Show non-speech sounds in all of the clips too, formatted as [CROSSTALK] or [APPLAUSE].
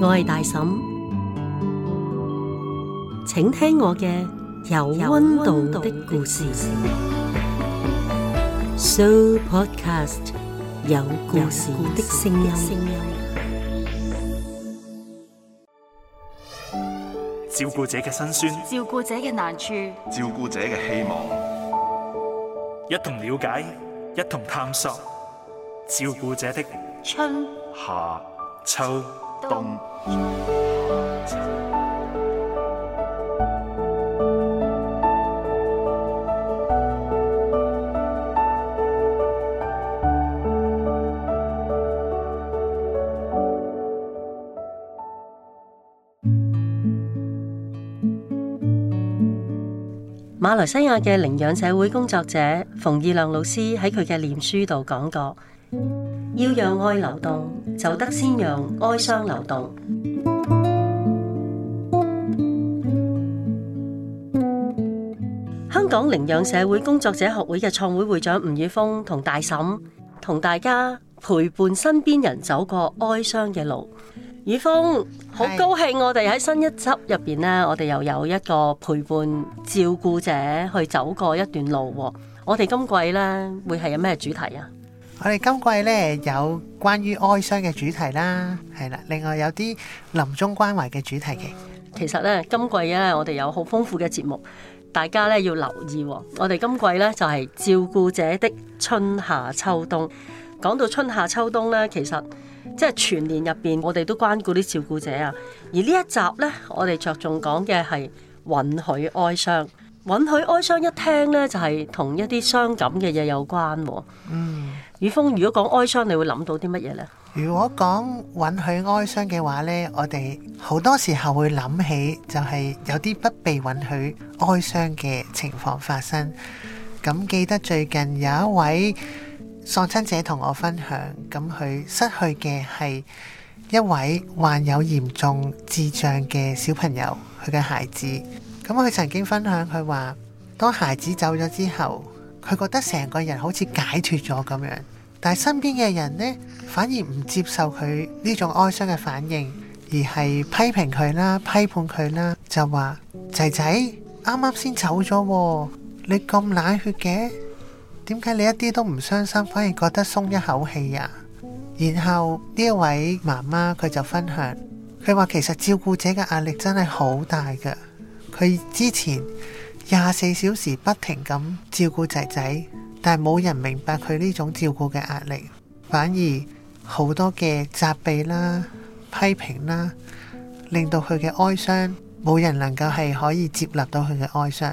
我係大嬸，請聽我嘅有溫度的故事。Show Podcast 有故事的聲音。照顧者嘅辛酸，照顧者嘅難處，照顧者嘅希望，一同了解，一同探索，照顧者的春、夏、秋。馬來西亞嘅領養社會工作者馮義亮老師喺佢嘅臉書度講過。要讓愛流動，就得先讓哀傷流動。香港領養社會工作者學會嘅創會會長吳宇峰同大嬸同大家陪伴身邊人走過哀傷嘅路。宇峰，好是高興我哋喺新一輯入邊呢，我哋又有一個陪伴照顧者去走過一段路。我哋今季呢，會係有咩主題啊？我哋今季咧有關於哀傷嘅主題啦，係啦，另外有啲臨終關懷嘅主題嘅。其實咧今季咧，我哋有好豐富嘅節目，大家咧要留意喎。我哋今季咧就係、是、照顧者的春夏秋冬。講到春夏秋冬咧，其實即係全年入邊，我哋都關顧啲照顧者啊。而呢一集咧，我哋着重講嘅係允許哀傷。允許哀傷一聽咧，就係、是、同一啲傷感嘅嘢有關喎。嗯。雨峰，如果講哀傷，你會諗到啲乜嘢呢？如果講允許哀傷嘅話呢，我哋好多時候會諗起，就係有啲不被允許哀傷嘅情況發生。咁記得最近有一位喪親者同我分享，咁佢失去嘅係一位患有嚴重智障嘅小朋友，佢嘅孩子。咁佢曾經分享佢話，當孩子走咗之後。佢覺得成個人好似解脫咗咁樣，但係身邊嘅人呢，反而唔接受佢呢種哀傷嘅反應，而係批評佢啦、批判佢啦，就話仔仔啱啱先走咗、啊，你咁冷血嘅，點解你一啲都唔傷心，反而覺得鬆一口氣呀、啊？然後呢一位媽媽佢就分享，佢話其實照顧者嘅壓力真係好大嘅，佢之前。廿四小時不停咁照顧仔仔，但係冇人明白佢呢種照顧嘅壓力，反而好多嘅責備啦、批評啦，令到佢嘅哀傷冇人能夠係可以接納到佢嘅哀傷。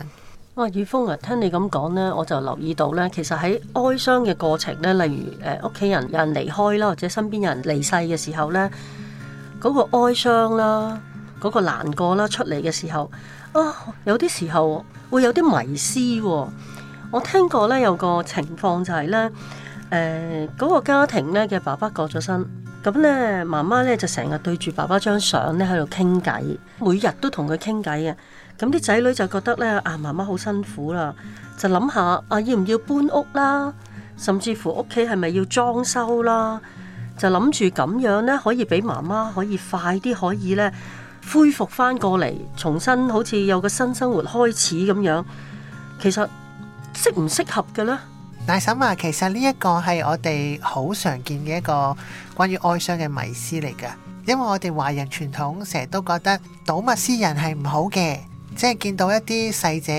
哇、啊，宇峰啊，聽你咁講呢，我就留意到呢，其實喺哀傷嘅過程呢，例如誒屋企人有人離開啦，或者身邊有人離世嘅時候呢，嗰個哀傷啦。嗰個難過啦，出嚟嘅時候啊、哦，有啲時候會有啲迷思、哦。我聽過咧有個情況就係咧，誒、呃、嗰、那個家庭咧嘅爸爸過咗身，咁咧媽媽咧就成日對住爸爸張相咧喺度傾偈，每日都同佢傾偈嘅。咁啲仔女就覺得咧啊，媽媽好辛苦啦，就諗下啊，要唔要搬屋啦？甚至乎屋企係咪要裝修啦？就諗住咁樣咧，可以俾媽媽可以快啲可以咧。恢復翻過嚟，重新好似有個新生活開始咁樣，其實適唔適合嘅呢？大嬸啊，其實呢一個係我哋好常見嘅一個關於哀傷嘅迷思嚟噶，因為我哋華人傳統成日都覺得睹物思人係唔好嘅，即係見到一啲逝者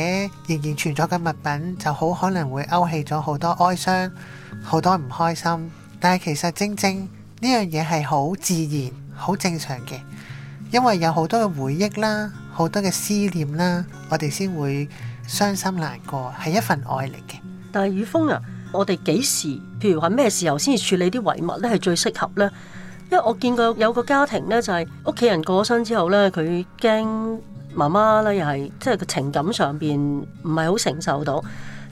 仍然存在嘅物品，就好可能會勾起咗好多哀傷、好多唔開心。但係其實正正呢樣嘢係好自然、好正常嘅。因為有好多嘅回憶啦，好多嘅思念啦，我哋先會傷心難過，係一份愛嚟嘅。但係雨峰啊，我哋幾時，譬如話咩時候先至處理啲遺物咧，係最適合呢？因為我見過有個家庭呢，就係屋企人過咗身之後呢，佢驚媽媽咧又係即係個情感上邊唔係好承受到，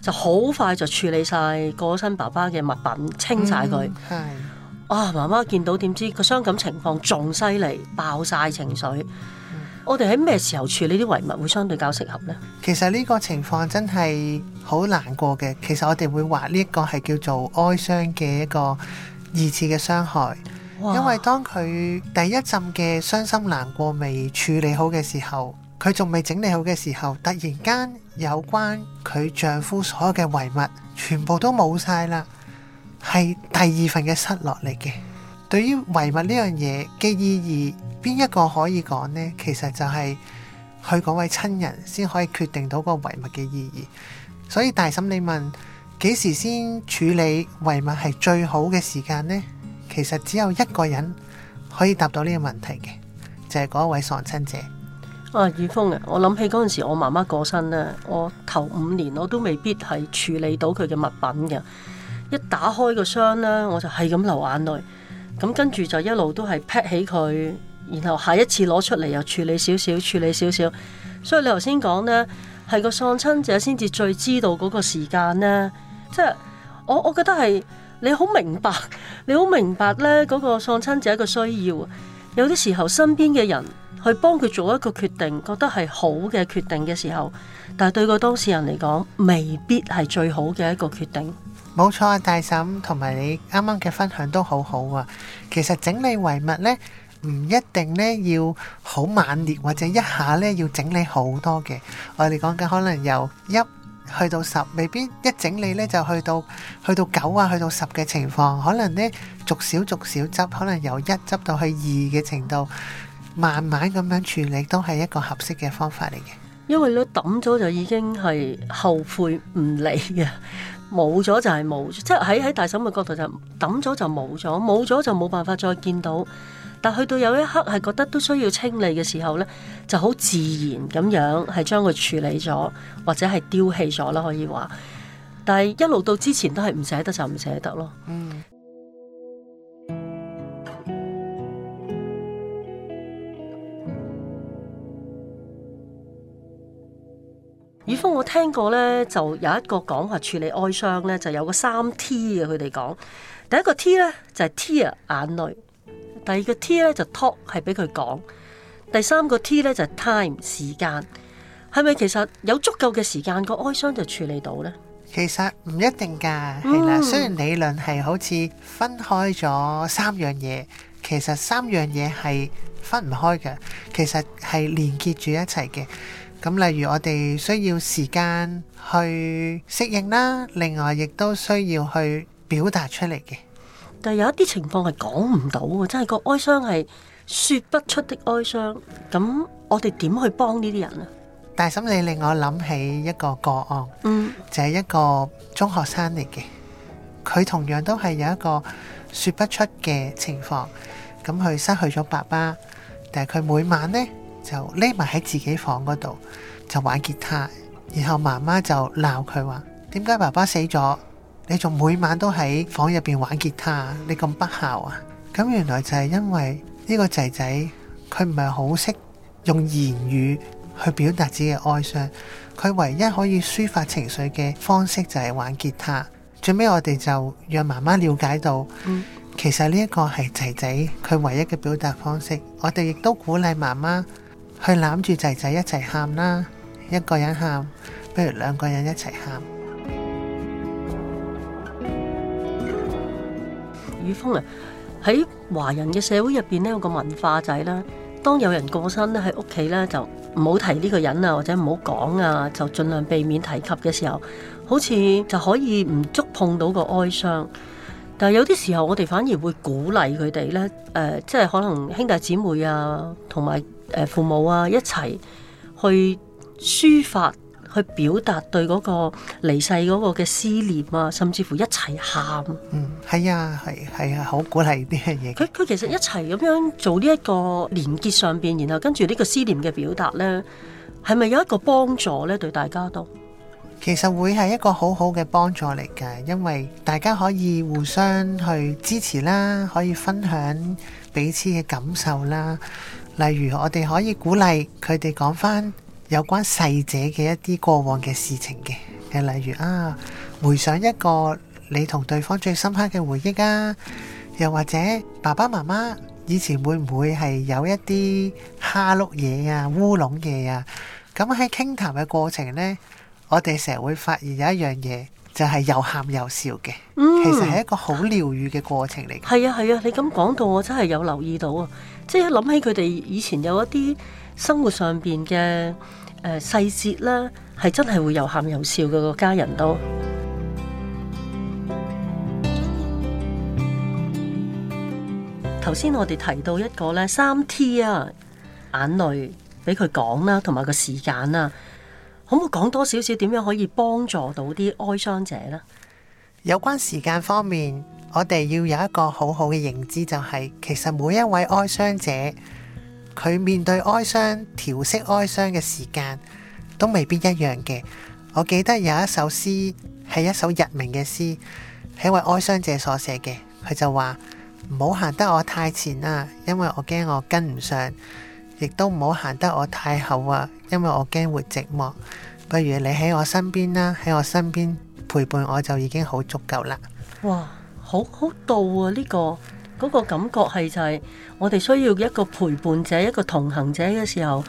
就好快就處理晒過身爸爸嘅物品，清晒佢。係、嗯。啊、哦，媽媽見到點知個傷感情況仲犀利，爆晒情緒。嗯、我哋喺咩時候處理啲遺物會相對較適合呢？其實呢個情況真係好難過嘅。其實我哋會話呢一個係叫做哀傷嘅一個二次嘅傷害，哇因為當佢第一陣嘅傷心難過未處理好嘅時候，佢仲未整理好嘅時候，突然間有關佢丈夫所有嘅遺物全部都冇晒啦。係第二份嘅失落嚟嘅。對於遺物呢樣嘢嘅意義，邊一個可以講呢？其實就係佢嗰位親人先可以決定到個遺物嘅意義。所以大嬸，你問幾時先處理遺物係最好嘅時間呢？其實只有一個人可以答到呢個問題嘅，就係嗰一位喪親者。啊，宇峰啊，我諗起嗰陣時，我媽媽過身啦，我頭五年我都未必係處理到佢嘅物品嘅。一打開個箱咧，我就係咁流眼淚。咁跟住就一路都係 pack 起佢，然後下一次攞出嚟又處理少少，處理少少。所以你頭先講呢，係個喪親者先至最知道嗰個時間呢。即係我，我覺得係你好明白，你好明白呢嗰個喪親者一個需要。有啲時候身邊嘅人去幫佢做一個決定，覺得係好嘅決定嘅時候，但係對個當事人嚟講，未必係最好嘅一個決定。冇錯啊，大嬸同埋你啱啱嘅分享都好好啊。其實整理遺物呢，唔一定呢要好猛烈或者一下呢要整理好多嘅。我哋講緊可能由一去到十，未必一整理呢就去到去到九啊，去到十嘅情況，可能呢逐少逐少執，可能由一執到去二嘅程度，慢慢咁樣處理都係一個合適嘅方法嚟嘅。因為咧抌咗就已經係後悔唔嚟啊！冇咗就係冇，即係喺喺大嬸嘅角度就抌咗就冇咗，冇咗就冇辦法再見到。但去到有一刻係覺得都需要清理嘅時候呢，就好自然咁樣係將佢處理咗，或者係丟棄咗啦，可以話。但係一路到之前都係唔捨得就唔捨得咯。嗯。雨峰，我聽過咧，就有一個講話處理哀傷咧，就有個三 T 嘅佢哋講。第一個 T 咧就係、係、tear 眼淚，第二個 T 咧就 talk 係俾佢講，第三個 T 咧就係、time 時間。係咪其實有足夠嘅時間，個哀傷就處理到咧？其實唔一定㗎，係啦。雖然理論係好似分開咗三樣嘢，其實三樣嘢係分唔開嘅，其實係連結住一齊嘅。咁例如我哋需要時間去適應啦，另外亦都需要去表達出嚟嘅。但係有一啲情況係講唔到喎，真係個哀傷係說不出的哀傷。咁我哋點去幫呢啲人啊？大心理令我諗起一個個案，嗯，就係一個中學生嚟嘅，佢同樣都係有一個說不出嘅情況，咁佢失去咗爸爸，但係佢每晚呢？就匿埋喺自己房嗰度就玩吉他，然後媽媽就鬧佢話：點解爸爸死咗，你仲每晚都喺房入邊玩吉他？你咁不孝啊！咁原來就係因為呢個仔仔佢唔係好識用言語去表達自己嘅哀傷，佢唯一可以抒發情緒嘅方式就係玩吉他。最尾我哋就讓媽媽了解到，其實呢一個係仔仔佢唯一嘅表達方式。我哋亦都鼓勵媽媽。去攬住仔仔一齊喊啦，一個人喊，不如兩個人一齊喊。雨峰啊，喺華人嘅社會入邊咧，有個文化仔啦。當有人過身咧，喺屋企咧就唔好提呢個人啊，或者唔好講啊，就盡量避免提及嘅時候，好似就可以唔觸碰到個哀傷。但係有啲時候，我哋反而會鼓勵佢哋咧，誒、呃，即係可能兄弟姊妹啊，同埋誒父母啊，一齊去抒發、去表達對嗰個離世嗰個嘅思念啊，甚至乎一齊喊。嗯，係啊，係係啊，好、啊、鼓勵呢樣嘢。佢佢其實一齊咁樣做呢一個連結上面，然後跟住呢個思念嘅表達咧，係咪有一個幫助咧？對大家都？其實會係一個好好嘅幫助嚟㗎，因為大家可以互相去支持啦，可以分享彼此嘅感受啦。例如，我哋可以鼓勵佢哋講翻有關細者嘅一啲過往嘅事情嘅，例如啊，回想一個你同對方最深刻嘅回憶啊。又或者爸爸媽媽以前會唔會係有一啲蝦碌嘢啊、烏龍嘢啊？咁喺傾談嘅過程呢。我哋成日會發現有一樣嘢，就係又喊又笑嘅，其實係一個好療愈嘅過程嚟。嗯、係啊、係啊，你咁講到，我真係有留意到啊！即係一諗起佢哋以前有一啲生活上邊嘅誒細節啦，係、呃、真係會又喊又笑嘅個家人都。頭先 [MUSIC] 我哋提到一個咧，三 T 啊，眼淚俾佢講啦，同埋個時間啦、啊。咁我講多少少點樣可以幫助到啲哀傷者呢？有關時間方面，我哋要有一個好好嘅認知，就是，就係其實每一位哀傷者，佢面對哀傷、調適哀傷嘅時間都未必一樣嘅。我記得有一首詩，係一首日明嘅詩，係一位哀傷者所寫嘅。佢就話：唔好行得我太前啦，因為我驚我跟唔上。亦都唔好行得我太後啊，因為我驚會寂寞。不如你喺我身邊啦，喺我身邊陪伴我就已經好足夠啦。哇，好好到啊！呢個嗰個感覺係就係我哋需要一個陪伴者，一個同行者嘅時候，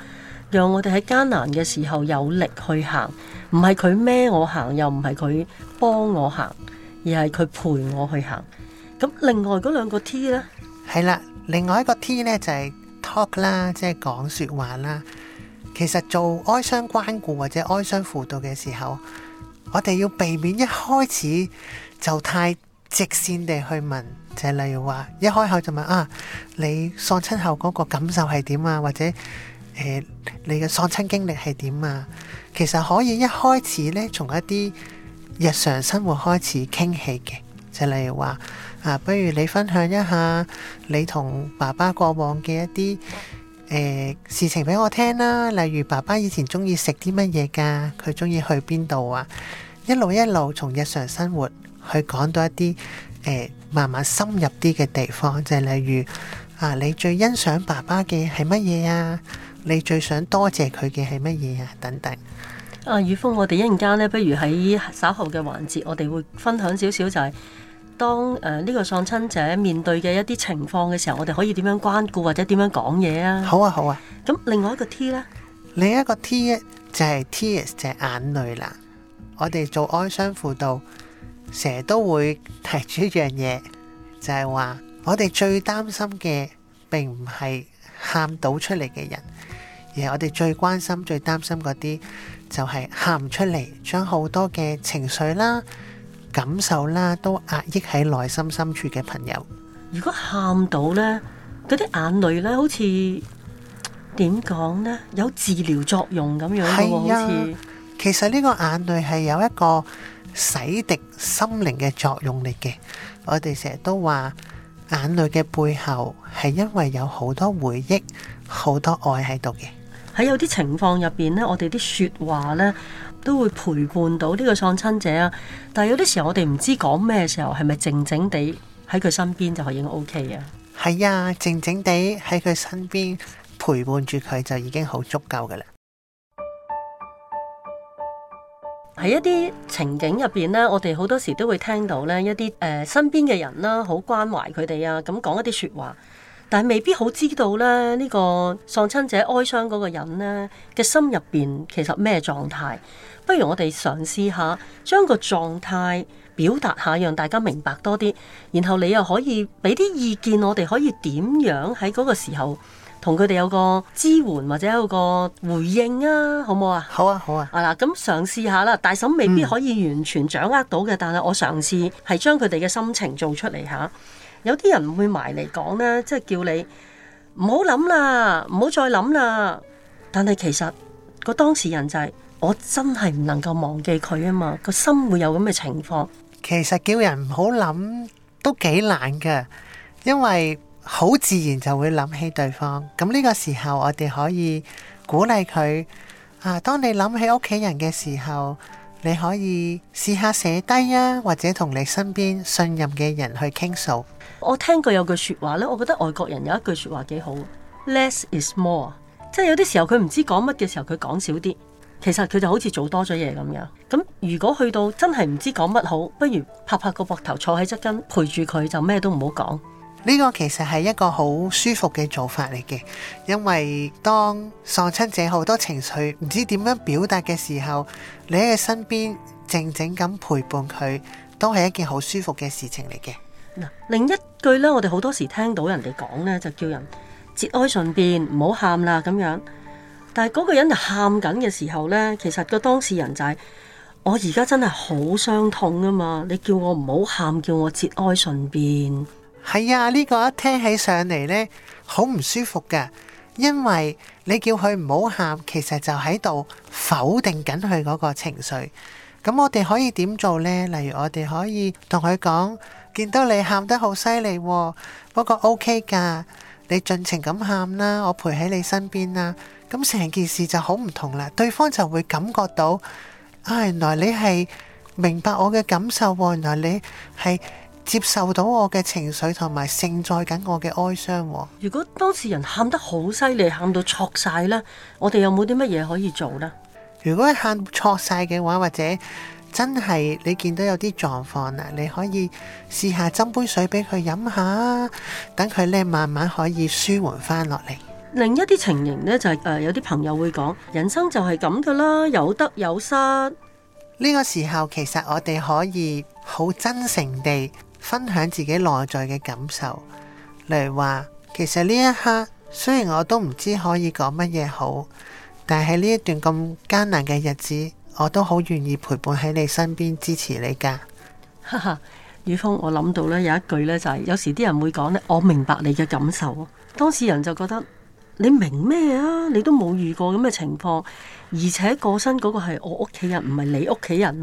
讓我哋喺艱難嘅時候有力去行。唔係佢孭我行，又唔係佢幫我行，而係佢陪我去行。咁另外嗰兩個 T 呢？係啦，另外一個 T 呢就係。talk 啦，即係講說話啦。其實做哀傷關顧或者哀傷輔導嘅時候，我哋要避免一開始就太直線地去問，就係例如話一開口就問啊，你喪親後嗰個感受係點啊？或者誒、呃、你嘅喪親經歷係點啊？其實可以一開始咧從一啲日常生活開始傾起嘅。就例如話，啊，不如你分享一下你同爸爸過往嘅一啲誒、呃、事情俾我聽啦。例如爸爸以前鍾意食啲乜嘢㗎？佢鍾意去邊度啊？一路一路從日常生活去講到一啲誒、呃、慢慢深入啲嘅地方。就例如啊，你最欣賞爸爸嘅係乜嘢啊？你最想多謝佢嘅係乜嘢啊？等等。啊，雨峰，我哋一陣間咧，不如喺稍後嘅環節，我哋會分享少少就係、是、當誒呢、呃這個喪親者面對嘅一啲情況嘅時候，我哋可以點樣關顧或者點樣講嘢啊？好啊，好啊。咁另外一個 T 呢？另一個 T 一就係 tears 就係眼淚啦。我哋做哀傷輔導成日都會提出一樣嘢，就係、是、話我哋最擔心嘅，並唔係喊到出嚟嘅人，而係我哋最關心、最擔心嗰啲。就係喊出嚟，將好多嘅情緒啦、感受啦，都壓抑喺內心深處嘅朋友。如果喊到咧，嗰啲眼淚咧，好似點講咧？有治療作用咁樣係啊，好似。其實呢個眼淚係有一個洗滌心靈嘅作用嚟嘅。我哋成日都話眼淚嘅背後係因為有好多回憶、好多愛喺度嘅。喺有啲情況入邊呢，我哋啲説話呢，都會陪伴到呢個喪親者啊。但係有啲時候，我哋唔知講咩時候，係咪靜靜地喺佢身邊就可以 OK 啊？係啊，靜靜地喺佢身邊陪伴住佢就已經好足夠嘅啦。喺一啲情景入邊呢，我哋好多時都會聽到呢一啲誒身邊嘅人啦，好關懷佢哋啊，咁講一啲説話。但係未必好知道咧，呢、這個喪親者哀傷嗰個人咧嘅心入邊其實咩狀態？不如我哋嘗試下將個狀態表達下，讓大家明白多啲。然後你又可以俾啲意見，我哋可以點樣喺嗰個時候同佢哋有個支援或者有個回應啊？好唔好，好啊？好啊，好啊。啊嗱，咁嘗試下啦，大嬸未必可以完全掌握到嘅，嗯、但係我嘗試係將佢哋嘅心情做出嚟嚇。有啲人唔會埋嚟講咧，即係叫你唔好諗啦，唔好再諗啦。但係其實個當事人就係我真係唔能夠忘記佢啊嘛，個心會有咁嘅情況。其實叫人唔好諗都幾難㗎，因為好自然就會諗起對方。咁呢個時候我哋可以鼓勵佢啊，當你諗起屋企人嘅時候，你可以試下寫低啊，或者同你身邊信任嘅人去傾訴。我聽過有句說話咧，我覺得外國人有一句說話幾好，Less is more，即係有啲時候佢唔知講乜嘅時候，佢講少啲，其實佢就好似做多咗嘢咁樣。咁如果去到真係唔知講乜好，不如拍拍個膊頭，坐喺側跟陪住佢，就咩都唔好講。呢個其實係一個好舒服嘅做法嚟嘅，因為當喪親者好多情緒唔知點樣表達嘅時候，你喺佢身邊靜靜咁陪伴佢，都係一件好舒服嘅事情嚟嘅。另一句呢，我哋好多時聽到人哋講呢，就叫人節哀順變，唔好喊啦咁樣。但係嗰個人就喊緊嘅時候呢，其實個當事人就係我而家真係好傷痛啊嘛，你叫我唔好喊，叫我節哀順變。係啊，呢個一聽起上嚟呢，好唔舒服噶。因為你叫佢唔好喊，其實就喺度否定緊佢嗰個情緒。咁我哋可以點做呢？例如我哋可以同佢講：見到你喊得好犀利，不過 OK 噶，你盡情咁喊啦，我陪喺你身邊啦。咁成件事就好唔同啦。對方就會感覺到，啊，原來你係明白我嘅感受，原來你係。接受到我嘅情緒同埋承載緊我嘅哀傷。如果當事人喊得好犀利，喊到錯晒呢，我哋有冇啲乜嘢可以做呢？如果喊錯晒嘅話，或者真係你見到有啲狀況嗱，你可以試下斟杯水俾佢飲下，等佢咧慢慢可以舒緩翻落嚟。另一啲情形呢，就係、是呃，有啲朋友會講，人生就係咁噶啦，有得有失。呢個時候其實我哋可以好真誠地，分享自己內在嘅感受，例如話，其實呢一刻雖然我都唔知可以講乜嘢好，但係呢一段咁艱難嘅日子，我都好願意陪伴喺你身邊支持你噶。哈哈，宇峰，我諗到咧有一句咧就係，有時啲人會講咧，我明白你嘅感受，當事人就覺得你明咩啊？你都冇遇過咁嘅情況，而且過身嗰個係我屋企人，唔係你屋企人，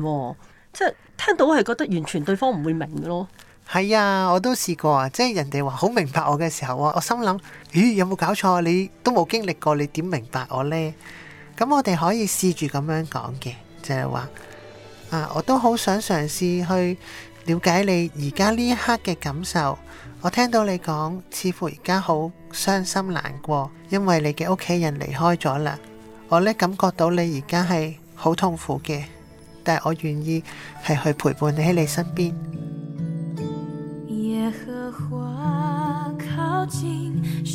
即係聽到係覺得完全對方唔會明咯。係啊，我都試過啊！即係人哋話好明白我嘅時候啊，我心諗，咦，有冇搞錯？你都冇經歷過，你點明白我呢？咁我哋可以試住咁樣講嘅，就係話啊，我都好想嘗試去了解你而家呢一刻嘅感受。我聽到你講，似乎而家好傷心難過，因為你嘅屋企人離開咗啦。我呢，感覺到你而家係好痛苦嘅，但係我願意係去陪伴你喺你身邊。